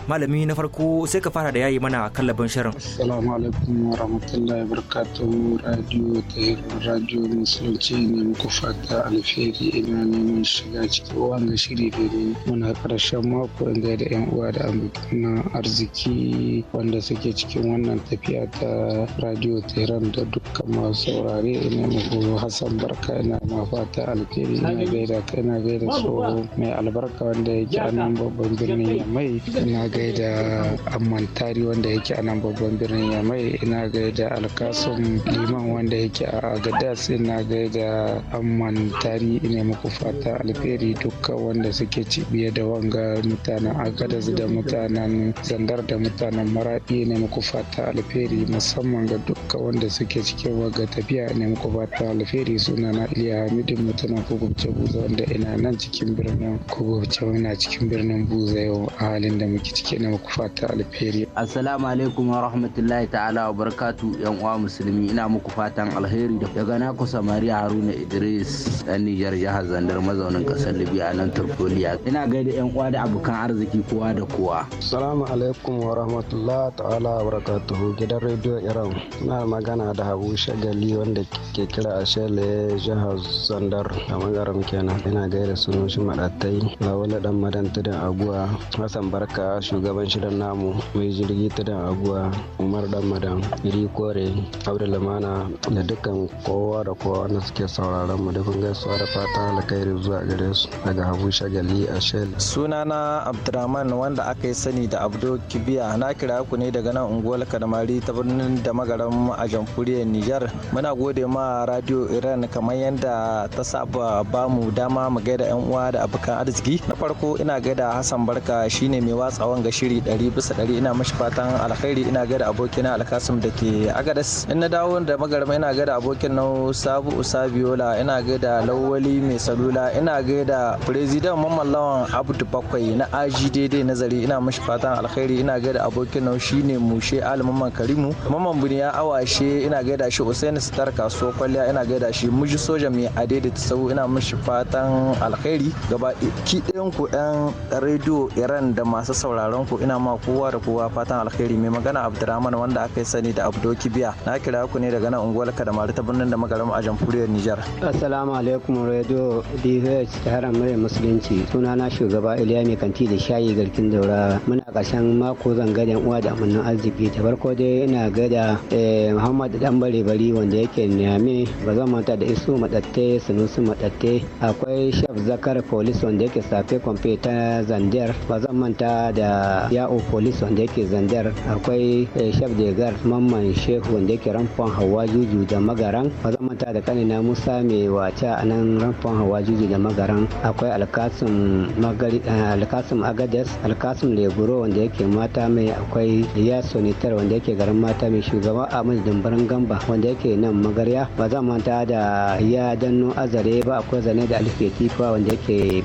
malami na farko sai ka fara da yayi mana kallabin shirin assalamu alaikum wa rahmatullahi wa barakatuhu radio ta radio musulunci ne muku fata alheri ina neman shiga cikin wannan shiri da ne muna karshen mako inda da yan uwa da abokan arziki wanda suke cikin wannan tafiya ta radio ta da dukkan masu saurare ina muku hasan barka ina ma fata alheri ina gaida zaka ina gaida tsoho mai albarka wanda yake a nan babban birnin Yamai ina gaida amantari Tari wanda yake a nan babban birnin Yamai ina gaida alkasun Liman wanda yake a Agadas ina gaida amantari ina muku fata alheri duka wanda suke cibiya da wanga mutanen Agadas da mutanen Zandar da mutanen Maradi ina muku fata alheri musamman ga duka wanda suke cikin waga tafiya ina muku fata alheri sunana Iliya Hamidin mutanen kogon Buza wanda ina nan cikin birnin Kogobce ina cikin birnin Buza yau a halin da muke ciki na muku fata alheri. Assalamu alaikum wa rahmatullahi ta'ala wa barakatu yan uwa musulmi ina muku fatan alheri daga na ku samari Haruna Idris dan Nijar jihar Zandar mazaunin kasar Libya nan Turkoliya. Ina gaida yan uwa da abokan arziki kowa da kowa. Assalamu alaikum wa rahmatullahi ta'ala wa barakatuhu gidan rediyo Iran. Ina magana da Habu Shagali wanda ke kira a Shele jihar Zandar a magaram kenan. yana gaira sunan shi maɗatai lawala dan madan tudun aguwa hassan barka shugaban shirin namu mai jirgi tudun aguwa umar dan madan iri kore abdullamana da dukkan kowa da kowa wanda suke sauraron mu dukkan gaisuwa da fata alkhairi zuwa gare su daga habu shagali a shel sunana abdurrahman wanda aka yi sani da abdo kibiya na kira ku ne daga nan unguwar kadamari ta birnin da magaran a jamhuriyar nijar muna gode ma radio iran kamar yadda ta saba bamu da dama mu gaida yan uwa da abokan arziki na farko ina gaida hassan barka shine mai watsawan ga shiri ɗari bisa ɗari ina mashi fatan alkhairi ina gaida abokina alkasim da ke agadas in na dawo da magarma ina gaida abokin na sabu usabiola ina gaida lawali mai salula ina gaida president mamallawan abdu bakwai na aji daidai nazari ina mashi fatan alkhairi ina gaida abokin na shine mushe alimaman karimu maman buniya awashe ina gaida shi usaini sitar kasuwar kwalliya ina gaida shi muji soja mai adaidaita sau ina mashi fatan fatan alkhairi gaba ki ɗayan ku ɗan rediyo iran da masu sauraron ku ina ma kowa da kowa fatan alkhairi mai magana abdurrahman wanda aka yi sani da abdo kibiya na kira ku ne daga nan unguwar kadamari ta birnin da magaram a jamhuriyar nijar assalamu alaikum rediyo dh ta haram musulunci sunana shugaba iliya kanti da shayi garkin daura muna ƙarshen mako zan uwa da amannin arziki ta farko dai ina gada eh, muhammad dan bare bari wanda yake niyame ba zan manta da isu madatte sunusu madatte akwai akwai chef zakar police wanda yake safe kwamfe ta zandar ba zan manta da ya'o police wanda yake zandar akwai eh, chef degar mamman shehu wanda yake ramfon hawa juju da magaran ba zan manta da kanina musa mai wata a nan ramfon hawa juju da magaran akwai alkasim eh, agades alkasim leburo wanda yake mata mai akwai ya sonitar wanda yake garin mata mai shugaba ahmad dumbarin gamba wanda yake nan magarya ba zan manta da ya danno azare ba akwai zane da alifeti fa wanda yake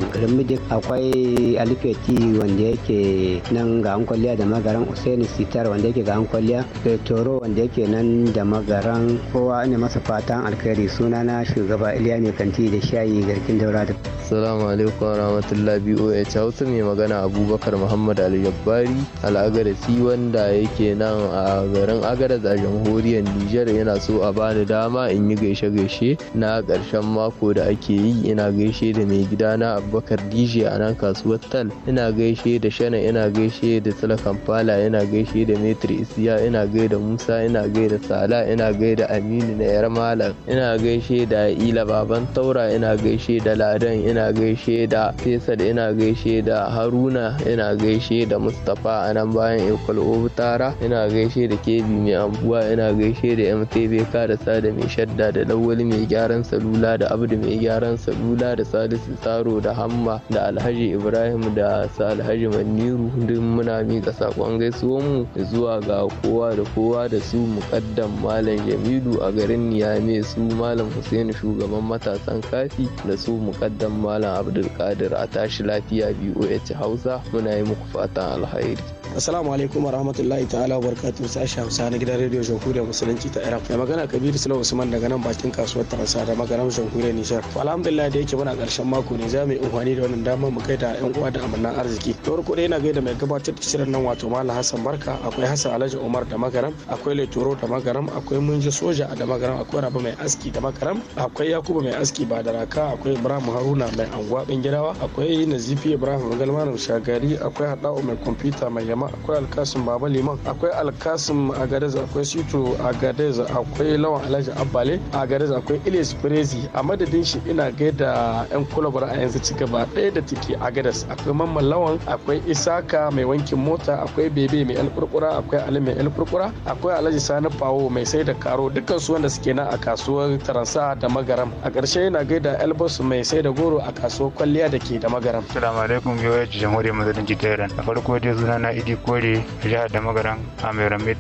akwai alifeti wanda yake nan ga an kwalliya da magaran usaini sitar wanda yake ga an kwalliya da toro wanda yake nan da magaran kowa ne masa fatan alkhairi na shugaba iliya mai kanti da shayi garkin daura da salamu alaikum wa rahmatullah boh hausa mai magana abubakar muhammad aljabbari al'agarasi wanda yake nan a garin agaras a jamhuriyar nijar yana so a bani dama in yi gaishe-gaishe na karshen mako da ake yi ina ina gaishe da mai gida na abubakar dj a nan kasuwar tal ina gaishe da shana ina gaishe da talakan kampala ina gaishe da metri isiya ina gaida musa ina gaida sala ina gaida aminu na yar malam ina gaishe da ila baban taura ina gaishe da ladan ina gaishe da fesal ina gaishe da haruna ina gaishe da mustapha a nan bayan ikwal obutara ina gaishe da kb mai ambuwa ina gaishe da mtb karasa da mai shadda da lawali mai gyaran salula da abdu mai gyaran salula Abdullahi da Salisu Tsaro da Hamma da Alhaji Ibrahim da su Alhaji Maniru duk muna mika sakon gaisuwan mu zuwa ga kowa da kowa da su muƙaddam Malam Jamilu a garin Niyame su Malam Hussein shugaban matasan kafi da su muƙaddam Malam Abdulkadir a tashi lafiya BOH Hausa muna yi muku fatan alhairi. assalamu alaikum warahmatullahi ta'ala wa barakatuhu sashi hausa na gidan rediyo jamhuriyar musulunci ta iraq da magana kabiru sula usman daga nan bakin kasuwar tarasa da magaram jamhuriyar nijar alhamdulillah da yake muna karshen mako ne za mu yi amfani da wannan damar mu da yan uwa da amannan arziki da farko dai na gaida mai gabatar da shirin nan wato malam hassan barka akwai hassan alhaji umar da magaram akwai leturo da magaram akwai munji soja da magaram akwai rabu mai aski da magaram akwai yakubu mai aski ba da raka akwai ibrahim haruna mai anguwa gidawa akwai nazifi ibrahim galmanu shagari akwai hada'u mai kwamfuta mai Adama akwai alkasim baba liman akwai alkasim a gadez akwai sito a gadez akwai lawan alhaji abbale a gadez akwai Ilyas brezi a madadin shi ina gaida yan kulabar a yanzu ci gaba ɗaya da take a gadez akwai mamman lawan akwai isaka mai wankin mota akwai bebe mai alƙurƙura akwai ali mai alƙurƙura akwai alhaji sani pawo mai sai da karo dukkan su wanda suke nan a kasuwar taransa da magaram a ƙarshe ina gaida elbus mai sai da goro a kasuwar kwalliya da ke da magaram. Assalamu alaikum yau jamhuriyar madadin jitairan a farko dai suna na ID sarki kore a jihar da a mai rame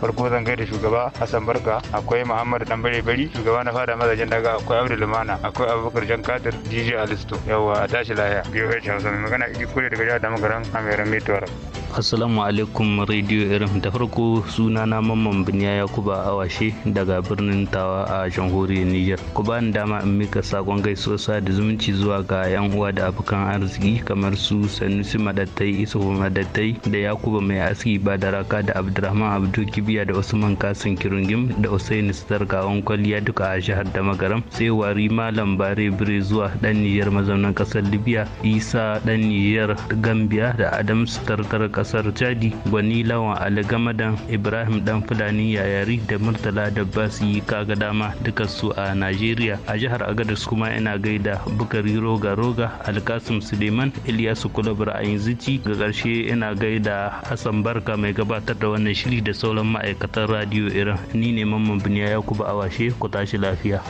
farko zan gaida shugaba hassan barka akwai muhammad dan bare bari shugaba na fada mazajen daga akwai abdul lumana akwai abubakar jan kadir dj alisto yawa a tashi laya biyu ya hausa mai magana idi kore daga jihar da a mai rame tuwarak assalamu alaikum radio irin da farko suna na mamman biniya yakuba awashe daga birnin tawa a jamhuriyar nijar ku ba ni dama in mika sakon gaisuwa da zumunci zuwa ga yan uwa da abokan arziki kamar su sanusi madattai isa madattai da ya Yakubu mai aski ba da raka da abdurrahman abdu kibiya da usman kasim Kirungim da usaini gawon kwalliya duka a jihar damagaram sai wari malam bare bire zuwa dan niyyar mazaunan kasar libya isa dan niyar gambia da adams tartar kasar chadi gwani lawan algamadan ibrahim dan fulani yayari da murtala da basi kaga dama duka su a najeriya a jihar Agadez kuma ina gaida bukari roga roga alkasim suleiman ilyasu Kulabra ayin zici ga karshe ina gaida Hassan Barka mai gabatar da wannan shiri da sauran ma'aikatan radio Iran. Ni ne Mamman Biniya ya a washe ku tashi lafiya.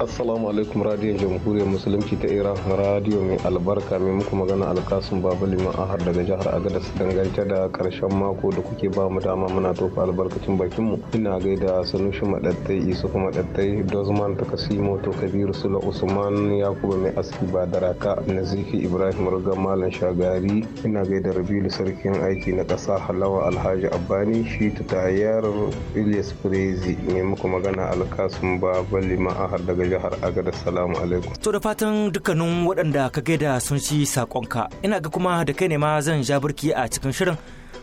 assalamu alaikum radiyon jamhuriyar musulunci ta iran radiyo mai albarka mai muku magana alkasun babu liman ahar daga jihar agadas dangance da karshen mako da kuke ba mu dama muna tofa albarkacin bakin mu ina gaida sanushi madattai kuma madattai dozman takasimo to kabiru sula usman yakuba mai aski ba daraka nazifi ibrahim ruga malam shagari ina gaida rabilu sarkin aiki na kasa halawa alhaji abani shi tayar ilyas prezi mai muku magana alkasun babu liman ahar daga aga da salamu alaikum. To da fatan dukkanin waɗanda ka gaida sun ci saƙonka ina ga kuma da kai ne ma zan ja burki a cikin shirin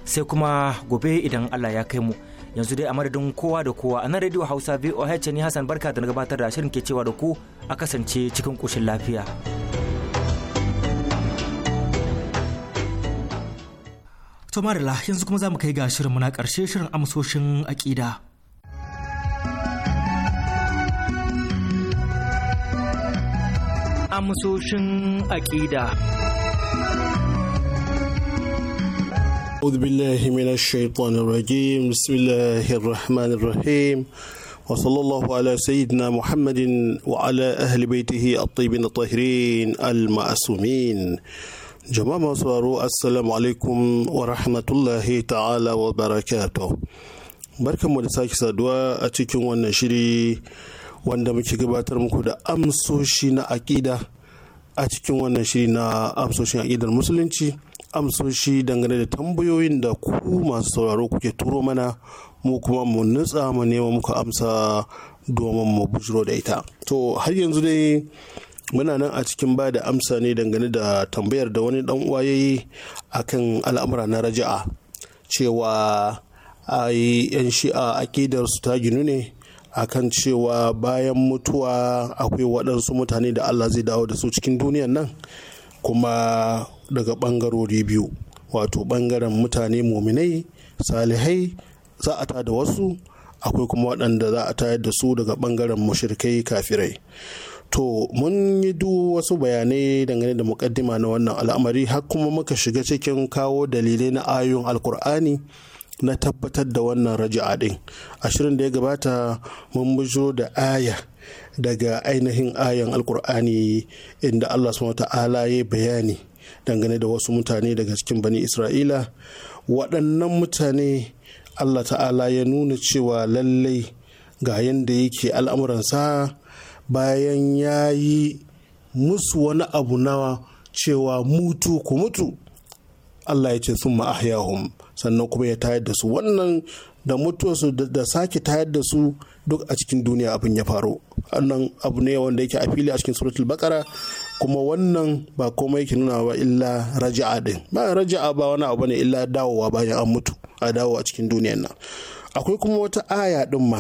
sai kuma gobe idan Allah ya kai mu. Yanzu dai a madadin kowa da kowa a nan rediyo Hausa VOH ne Hassan Barka da gabatar da shirin ke cewa da ku a kasance cikin ƙoshin lafiya. To yanzu kuma za mu kai ga shirin muna karshe shirin amsoshin aƙida. amsoshin aƙida. أعوذ بالله من الشيطان الرجيم بسم الله الرحمن الرحيم وصلى الله على سيدنا محمد وعلى أهل بيته الطيبين الطاهرين المعصومين جماعة مصورو السلام عليكم ورحمة الله تعالى وبركاته barkanmu da sake saduwa a cikin wannan shiri wanda muke gabatar muku da amsoshi na aƙida a cikin wannan shiri na amsoshin aƙidar musulunci amsoshi dangane da tambayoyin da ku masu sauraro kuke turo mana mu kuma mu nutsa mu nema muka amsa domin mu bujiro da ita to har yanzu dai muna nan a cikin ba da amsa ne dangane da tambayar da wani dan uwa yayi akan al'amura na raja'a cewa a yan shi'a akidar su ta ginu ne akan cewa bayan mutuwa akwai waɗansu mutane da Allah zai dawo da su cikin duniyan nan kuma daga ɓangarori biyu wato ɓangaren mutane muminai salihai za a tada wasu akwai kuma waɗanda za a tayar da su daga ɓangaren mushirikai kafirai to mun yi duk wasu bayanai dangane da mukaddima na wannan al'amari har kuma muka shiga cikin kawo dalilai na ayoyin alkur'ani na tabbatar da wannan raja'a ɗin ashirin da ya gabata mun bujo da aya daga ainihin ayan alkur'ani inda allah subhanahu ta'ala ya bayani dangane da wasu mutane daga cikin bani isra'ila waɗannan mutane allah ta'ala ya nuna cewa lallai ga yadda yake al'amuransa bayan ya yi musu wani abu nawa cewa mutu ku mutu allah ya ce sun ma'ahyahum sannan kuma ya tayar da su wannan da mutuwarsu da sake tayar da su duk a cikin duniya abin ya faru wannan abu ne wanda yake a fili a cikin suratul bakara kuma wannan ba komai yake nuna ba illa raja'a din ba raja'a ba wani abu ne illa dawowa bayan an mutu a dawo a cikin duniyan nan akwai kuma wata aya din ma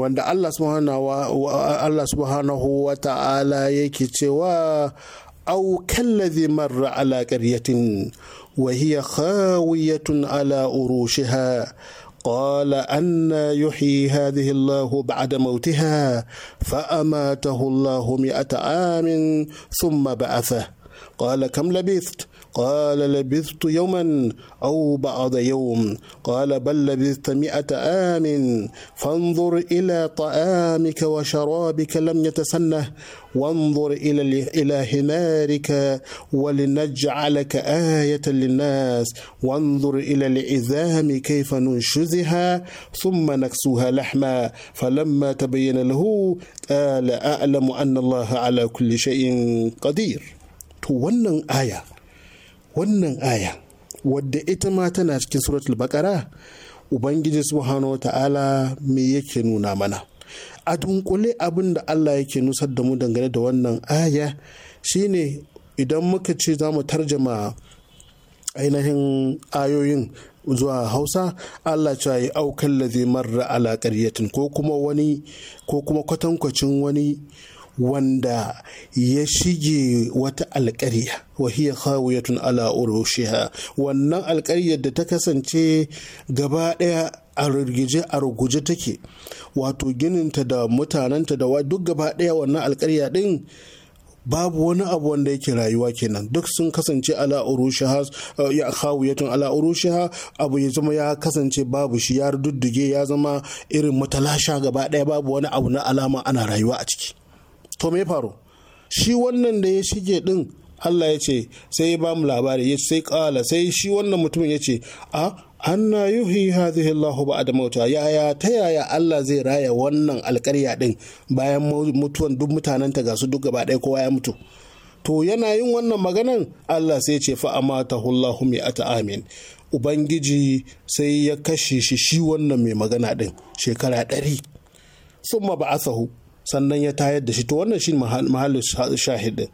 wanda Allah subhanahu wa ta'ala yake cewa أو كالذي مر على قرية وهي خاوية على أروشها قال أن يحيي هذه الله بعد موتها فأماته الله مئة عام ثم بعثه قال كم لبثت قال لبثت يوما أو بعض يوم قال بل لبثت مئة عام فانظر إلى طعامك وشرابك لم يتسنه وانظر إلى إلى حمارك ولنجعلك آية للناس وانظر إلى العظام كيف ننشزها ثم نكسوها لحما فلما تبين له قال أعلم أن الله على كل شيء قدير to wannan aya wannan aya wadda ita ma tana cikin suratul bakara ubangiji subhanahu ta'ala me yake nuna mana a dunkule abin da allah yake nusar da mu dangane da wannan aya shine idan muka ce za mu tarjama ainihin ayoyin zuwa hausa allah cewa yi aukan lazi marra ala ko kuma wani ko kuma kwatankwacin wani wanda ya shige wata alƙarya wahiya khawiyatun ala urushiha wannan alƙaryar da ta kasance gaba ɗaya a rigije a ruguje take wato gininta da mutanenta da duk gaba ɗaya wannan alƙarya ɗin babu wani abu wanda yake rayuwa kenan duk sun kasance ala urushiha eh, ya khawiyatun ala urushiha abu ya zama ya kasance babu shi ya duddige ya zama irin matalasha gaba ɗaya babu wani abu na alama ana rayuwa a ciki to me faru shi wannan da ya shige din Allah ya ce sai ya ba mu labari ya sai kala sai shi wannan mutumin ya ce a anna yuhi hadhihi Allahu da mauta yaya ta yaya Allah zai raya wannan alƙarya din bayan mutuwan duk mutanen ta ga su duk gaba ɗaya kowa ya mutu to yana yin wannan maganan Allah sai ce fa amatahu Allahu mi'ata amin ubangiji sai ya kashe shi shi wannan mai magana din shekara ɗari summa sahu. sannan ya tayar da shi to wannan shi mahallin shahidin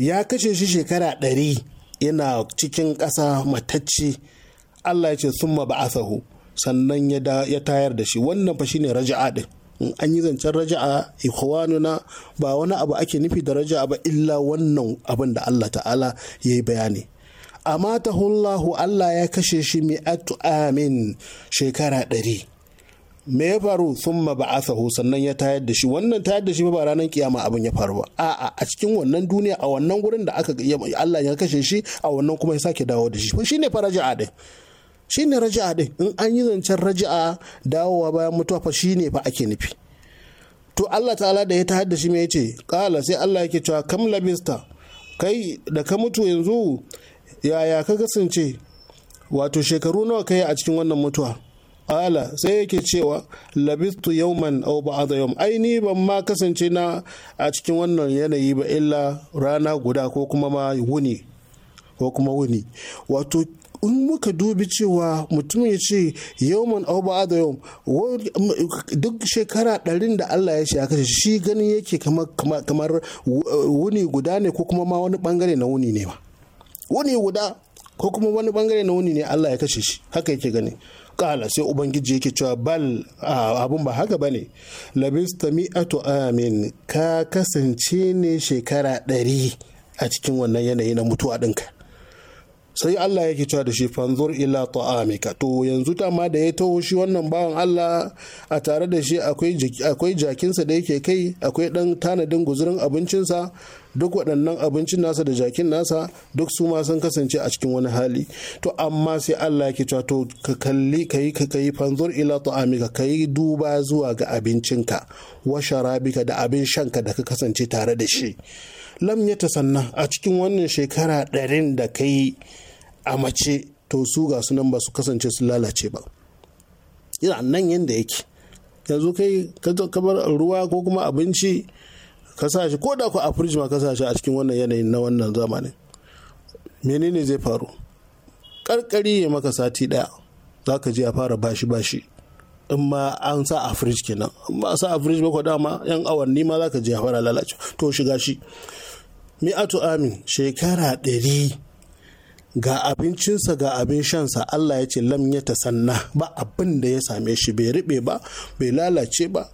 ya kashe shi shekara ɗari yana cikin ƙasa matacce Allah ya ce summa ba'athahu sannan ya tayar da shi wannan fa shine raja'a din in an yi zancen raja'a ikhwanuna ba wani abu ake nufi da raja'a ba illa wannan abin da Allah ta'ala ya yi bayani ta tahullahu Allah ya kashe shi mi'atu amin shekara ɗari me ya faru sun ba'athahu sannan ya tayar da shi wannan tayar da shi ba ranar kiyama abin ya faru ba a'a a cikin wannan duniya a wannan gurin da aka Allah ya kashe shi a wannan kuma ya sake dawo da shi shine faraja'a din shine raja'a din in an yi zancen raja'a dawowa bayan mutuwa fa shine fa ake nufi to Allah ta'ala da ya tayar da shi me yace qala sai Allah yake cewa kam labista kai da ka mutu yanzu yaya ka kasance wato shekaru nawa kai a cikin wannan mutuwa ala sai yake cewa labistu yauman au ba a ai ni ban ma kasance na a cikin wannan yanayi ba illa rana guda ko kuma ma wuni ko kuma wuni wato in muka dubi cewa mutum ya ce yauman au ba'da yawm duk shekara ɗarin da Allah ya ce aka shi ganin yake kamar eh, wuni guda ne ko kuma ma wani bangare na wuni ne ba wuni guda ko kuma wani bangare na wuni ne Allah ya kashe shi haka yake gani kala sai ubangiji yake cewa bal abun ba haka bane labista mi'atu amin ka kasance ne shekara ɗari a cikin wannan yanayi na mutuwa ɗinka sai Allah yake cewa da shi fanzur ila ta'amika to yanzu dama da ya taho shi wannan bawan Allah a tare da shi akwai jakinsa da yake kai akwai dan tanadin guzurin abincinsa duk waɗannan abincin nasa da jakin nasa duk su ma sun kasance a cikin wani hali to amma sai Allah yake cewa to ka kalli kai ka yi fanzur ila ta'amika yi duba zuwa ga abincinka wa sharabika da abin shanka da ka kasance tare da shi lam ya ta sannan a cikin wannan shekara ɗarin da kai a mace to su ga su nan ba su kasance su lalace ba yana nan yadda yake yanzu kai kamar ruwa ko kuma abinci ka sa shi ko da ku a firji ma ka sa shi a cikin wannan yanayin na wannan zamanin menene zai faru karkari ya maka sati daya za ka je a fara bashi bashi in ma an sa a firij kenan in ba sa a firij ba dama yan awanni ma za ka je a fara lalace to shiga shi mi'atu amin shekara ɗari ga abincinsa ga abin shansa Allah ya ce lam ya sanna. ba abin da ya same shi bai riɓe ba bai lalace ba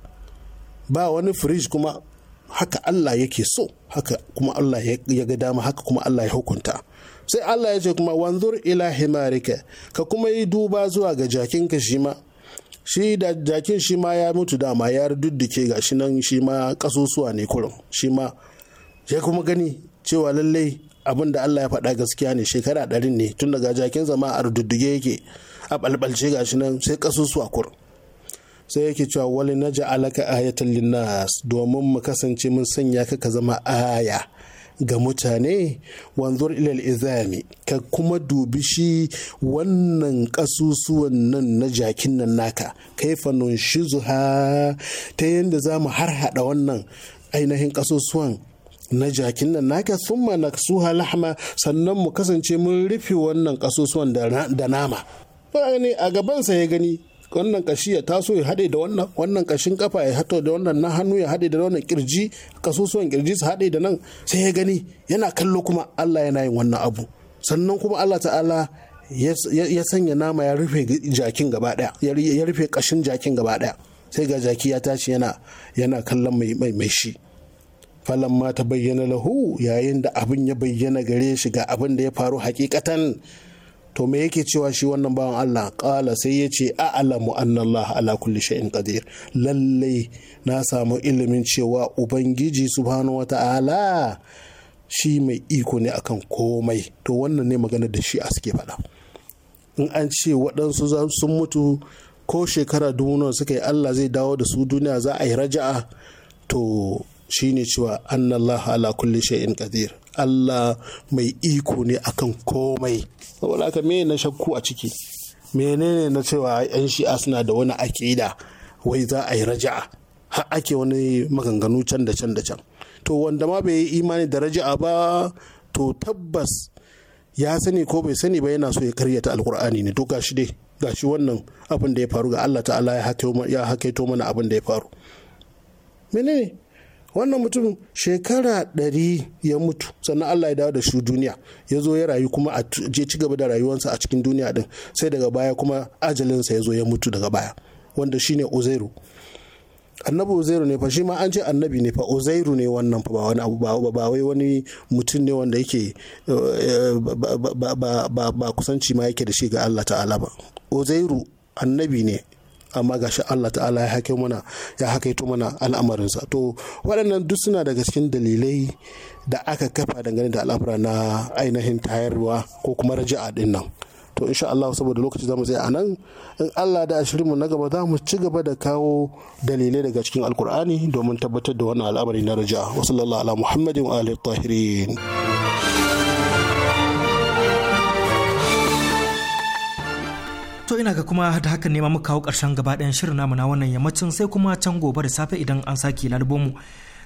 ba wani firij kuma haka Allah yake so haka kuma Allah ya ga dama haka kuma Allah ya hukunta sai Allah ya ce kuma wanzur ila himarika ka kuma yi duba zuwa ga jakinka shi ma shi da jakin shi ma ya mutu dama ya duddike ga shi nan shi ma kasusuwa ne kurum shi ma ya kuma gani cewa lallai abin da Allah ya faɗa gaskiya ne shekara ɗarin ne tun daga jakin zama a rududduge yake a ɓalɓalce shi nan sai a kur sai yake cewa wani na alaka ayatan linnas domin mu kasance mun sanya ka ka zama aya ga mutane wanzur ilal izami ka kuma dubi shi wannan kasusuwan nan na jakin nan naka kai shizu ha ta yadda za mu harhaɗa wannan ainihin kasusuwan na jakin nan naka sun na su halahma sannan mu kasance mun rufe wannan kasusuwan da nama ne a gabansa ya gani wannan kashi ya taso ya haɗe da wannan wannan kashin kafa ya hato da wannan na hannu ya haɗe da wannan kirji kasusuwan kirji su haɗe da nan sai ya gani yana kallo kuma Allah yana yin wannan abu sannan kuma Allah ta'ala ya sanya nama ya rufe jakin gaba daya ya rufe kashin jakin gaba daya sai ga jaki ya tashi yana yana kallon mai mai shi ma ta bayyana lahu yayin da abin ya bayyana gare shi ga abin da ya faru hakikatan to me yake cewa shi wannan bawan Allah kala sai ya ce a'lamu anna Allah ala kulli shay'in qadir lallai na samu ilimin cewa ubangiji subhanahu wata'ala shi mai iko ne akan komai to wannan ne magana da shi a suke faɗa in an ce waɗansu sun mutu ko shekara dubu suka yi Allah zai dawo da su duniya za a yi raja'a to shine cewa annallaha ala kulli shay'in qadir Allah mai iko ne akan komai saboda haka me na shakku a ciki menene na cewa yan shi'a suna da wani akida wai za a yi raja'a har ake wani maganganu can da can da can to wanda ma bai yi imani da raja'a ba to tabbas ya sani ko bai sani ba yana so ya karyata alkur'ani ne to gashi dai gashi wannan abin da ya faru ga Allah ta'ala ya hakaito mana abin da ya faru menene wannan mutum shekara ɗari ya mutu sannan Allah ya dawo da shi duniya ya zo ya rayu kuma a je ci gaba da rayuwarsa a cikin duniya din sai daga baya kuma ajalinsa ya zo ya mutu daga baya wanda shine uzairu annabi uzairu ne fa shi ma an ce annabi ne fa uzairu ne wannan fa ba wani abu ba wai wani mutum ne wanda yake eh, eh, ba kusanci ma yake da shi ga Allah ta'ala ba uzairu annabi ne amma ga gashi Allah ta'ala ya hake mana ya hakaito mana al'amarinsa to waɗannan duk suna daga cikin dalilai da aka kafa dangane da al'amura na ainihin tayarwa ko kuma raji'a din nan to insha Allah saboda lokaci zamu tsaya anan in Allah da ashirin mu na gaba za mu ci gaba da kawo dalilai daga cikin alkur'ani domin tabbatar da wannan al'amari na raji'a wa sallallahu ala muhammadin wa alihi tahirin To ina ga kuma da hakan nema muka kawo ƙarshen gaba ɗayan shirin namu na wannan yammacin sai kuma can gobe da safe idan an sake lalbomu.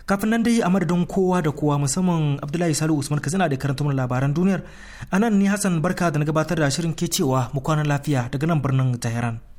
Kafin nan dai a madadin kowa da kowa musamman Abdullahi Salihu Usman zina da karanta mana labaran duniyar. A nan ni Hassan Barka da na gabatar da shirin ke cewa mu kwana lafiya daga nan birnin Tehran.